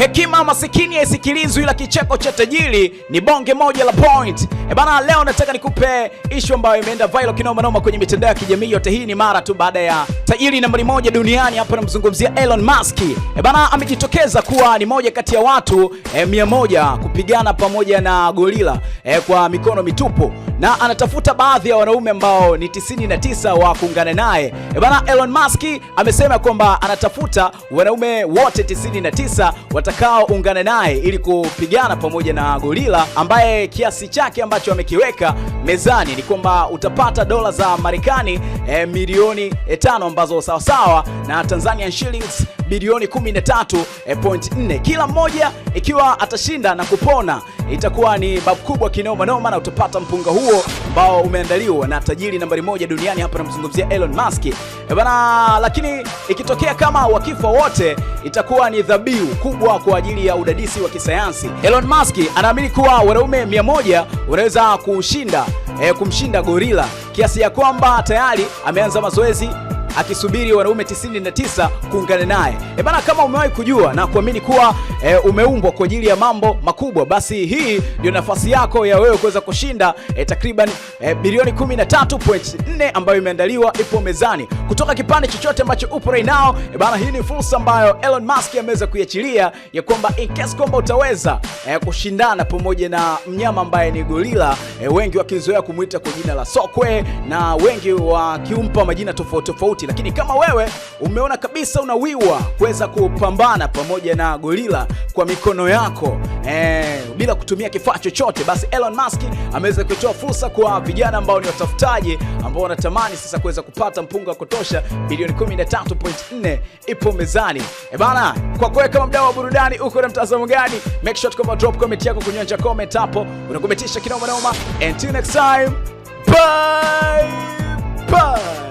Hekima masikini haisikilizwi, ila kicheko cha tajiri ni bonge moja la point. E bana, leo nataka nikupe ishu ambayo imeenda viral kinoma noma kwenye mitandao ya kijamii. Yote hii ni mara tu baada ya tajiri nambari moja duniani hapa, namzungumzia Elon Musk. E bana, amejitokeza kuwa ni moja kati ya watu e, mia moja kupigana pamoja na gorila e, kwa mikono mitupu na anatafuta baadhi ya wanaume ambao ni 99 wa kuungana naye. E bana, Elon Musk amesema kwamba anatafuta wanaume wote 99 watakaoungana naye ili kupigana pamoja na gorila, ambaye kiasi chake ambacho amekiweka mezani ni kwamba utapata dola za Marekani e, milioni e, tano ambazo sawasawa na Tanzanian shillings bilioni 13.4 eh, kila mmoja. Ikiwa atashinda na kupona itakuwa ni babu kubwa kinoma noma, na utapata mpunga huo huo ambao umeandaliwa na tajiri nambari moja duniani hapa namzungumzia Elon Musk. Eh, bana, lakini ikitokea kama wakifa wote itakuwa ni dhabihu kubwa kwa ajili ya udadisi wa kisayansi. Elon Musk anaamini kuwa wanaume 100 wanaweza kushinda e, kumshinda gorila kiasi ya kwamba tayari ameanza mazoezi akisubiri wanaume 99 kuungana naye. E bana, kama umewahi kujua na kuamini kuwa e, umeumbwa kwa ajili ya mambo makubwa, basi hii ndio nafasi yako ya wewe kuweza kushinda e, takriban e, bilioni 13.4 ambayo imeandaliwa, ipo mezani kutoka kipande chochote ambacho upo right now. E bana, hii ni fursa ambayo Elon Musk ameweza kuiachilia ya kwamba in case kwamba utaweza e, kushindana pamoja na mnyama ambaye ni gorila e, wengi wakizoea kumwita kwa jina la sokwe na wengi wakiumpa majina tofauti tofauti tofauti, lakini kama wewe umeona kabisa unawiwa kuweza kupambana pamoja na gorila kwa mikono yako eh, bila kutumia kifaa chochote, basi Elon Musk ameweza kutoa fursa kwa vijana ambao ni watafutaji ambao wanatamani sasa kuweza kupata mpunga wa kutosha. Bilioni 13.4 ipo mezani. E bana, kwa kweli kama mdau wa burudani uko na mtazamo gani? Make sure drop comment yako kunyanja comment hapo, unakometisha kinoma Until next time, bye bye.